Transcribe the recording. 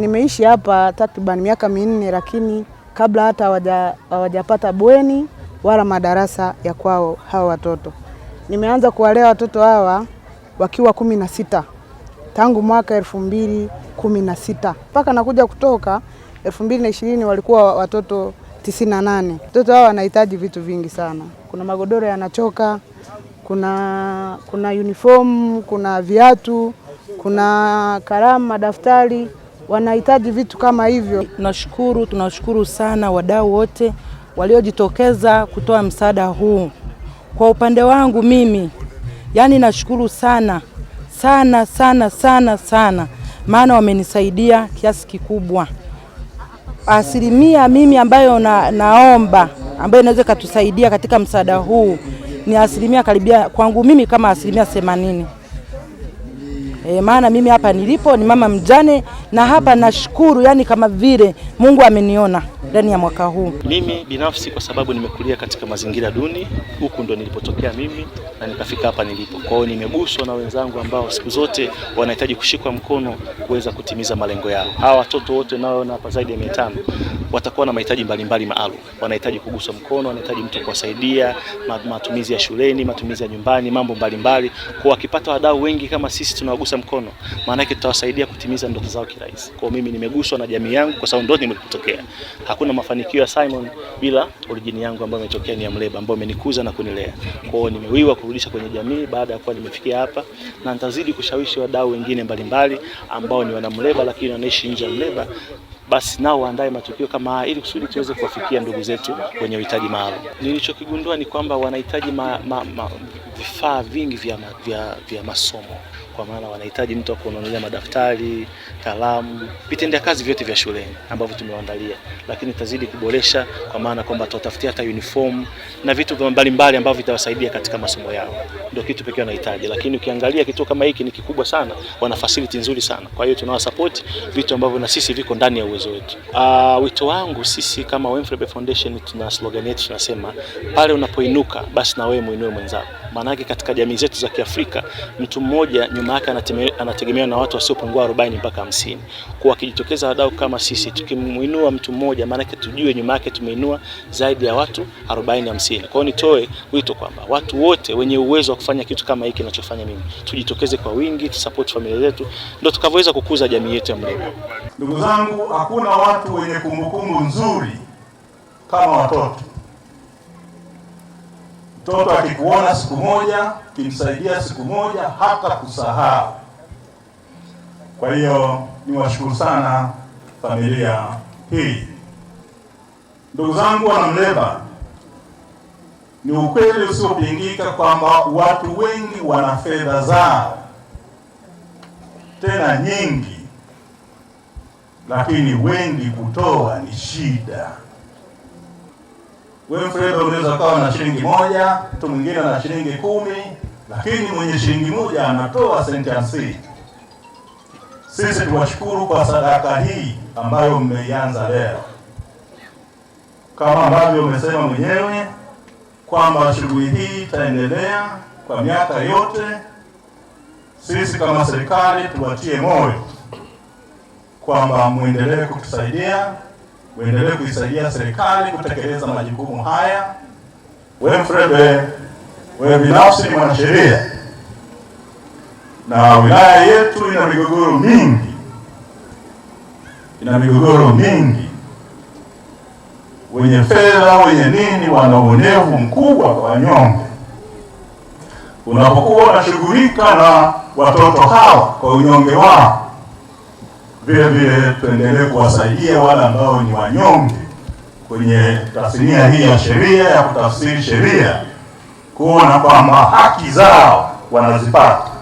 Nimeishi hapa takriban miaka minne, lakini kabla hata hawajapata bweni wala madarasa ya kwao hawa watoto. Nimeanza kuwalea watoto hawa wakiwa kumi na sita tangu mwaka elfu mbili kumi na sita mpaka nakuja kutoka elfu mbili na ishirini walikuwa watoto tisini na nane. Watoto hawa wanahitaji vitu vingi sana. Kuna magodoro yanachoka, kuna kuna uniform, kuna viatu, kuna kalamu, madaftari wanahitaji vitu kama hivyo. Tunashukuru, tunashukuru sana wadau wote waliojitokeza kutoa msaada huu. Kwa upande wangu mimi, yani nashukuru sana sana sana sana sana, maana wamenisaidia kiasi kikubwa. Asilimia mimi ambayo na, naomba ambayo inaweza ikatusaidia katika msaada huu ni asilimia karibia kwangu mimi kama asilimia themanini. E, maana mimi hapa nilipo ni mama mjane na hapa nashukuru, yani kama vile Mungu ameniona ndani ya mwaka huu. Mimi binafsi kwa sababu nimekulia katika mazingira duni, huku ndo nilipotokea mimi na nikafika hapa nilipo. Kwa hiyo nimeguswa na wenzangu ambao siku zote wanahitaji kushikwa mkono kuweza kutimiza malengo yao. Hawa watoto wote naona hapa zaidi ya mia tano watakuwa na mahitaji mbalimbali maalum, wanahitaji kuguswa mkono, wanahitaji mtu kuwasaidia matumizi ya shuleni, matumizi ya nyumbani, mambo mbalimbali. Kwa wakipata wadau wengi kama sisi tunawagusa mkono, maana yake tutawasaidia kutimiza ndoto zao kila rais. Kwa mimi nimeguswa na jamii yangu kwa sababu ndio nimetokea. Hakuna mafanikio ya Simon bila origini yangu ambayo imetokea ni ya Mleba ambayo imenikuza na kunilea. Kwa hiyo nimewiwa kurudisha kwenye jamii baada ya kuwa nimefikia hapa na nitazidi kushawishi wadau wengine mbalimbali ambao ni wana Mleba lakini wanaishi nje ya Mleba basi nao waandae matukio kama haya ili kusudi tuweze kuwafikia ndugu zetu wenye uhitaji maalum. Nilichokigundua ni kwamba wanahitaji ma, ma, ma, vifaa vingi vya, vya, vya masomo kwa maana wanahitaji mtu wa kununulia madaftari, kalamu, vitendea kazi vyote vya shuleni ambavyo tumewaandalia, lakini tazidi kuboresha kwa maana kwamba tutatafutia hata uniform na vitu mbalimbali ambavyo vitawasaidia katika masomo yao. Ndio kitu pekee wanahitaji, lakini ukiangalia kituo kama hiki ni kikubwa sana, wana facility nzuri sana. Kwa hiyo tunawasupport vitu ambavyo na sisi viko ndani ya uwe uwezo wetu. Uh, wito wangu sisi kama Wemfrebe Foundation tuna slogan yetu tunasema, pale unapoinuka basi na wewe muinue mwenzako. Maanake katika jamii zetu za Kiafrika mtu mmoja nyuma yake anategemewa na watu wasiopungua 40 mpaka 50. Kwa akijitokeza wadau kama sisi, tukimuinua mtu mmoja, maanake tujue nyuma yake tumeinua zaidi ya watu 40 50. Kwa hiyo nitoe wito kwamba watu wote wenye uwezo wa kufanya kitu kama hiki ninachofanya mimi tujitokeze kwa wingi, tusupport familia zetu, ndio tukavyoweza kukuza jamii yetu ya Mlima. Ndugu zangu, hakuna watu wenye kumbukumbu nzuri kama watoto. Mtoto akikuona siku moja, ukimsaidia siku moja, hata kusahau. Kwa hiyo niwashukuru sana familia hii. Ndugu zangu Wanamleba, ni ukweli usiopingika kwamba watu wengi wana fedha zao tena nyingi, lakini wengi kutoa ni shida wewe Freda unaweza kuwa na shilingi moja, mtu mwingine na shilingi kumi, lakini mwenye shilingi moja anatoa senti hamsini. Sisi tuwashukuru kwa sadaka hii ambayo mmeianza leo, kama ambavyo umesema mwenyewe kwamba shughuli hii itaendelea kwa miaka yote. Sisi kama serikali tuwatie moyo kwamba mwendelee kutusaidia uendelee kuisaidia serikali kutekeleza majukumu haya. Wewe Mfrebe, wewe binafsi ni mwanasheria na wilaya yetu ina migogoro mingi, ina migogoro mingi, wenye fedha wenye nini wana uonevu mkubwa kwa wanyonge. Unapokuwa unashughulika na watoto hawa kwa unyonge wao vile vile tuendelee kuwasaidia wale ambao ni wanyonge kwenye tasnia hii ya sheria ya kutafsiri sheria, kuona kwamba haki zao wanazipata.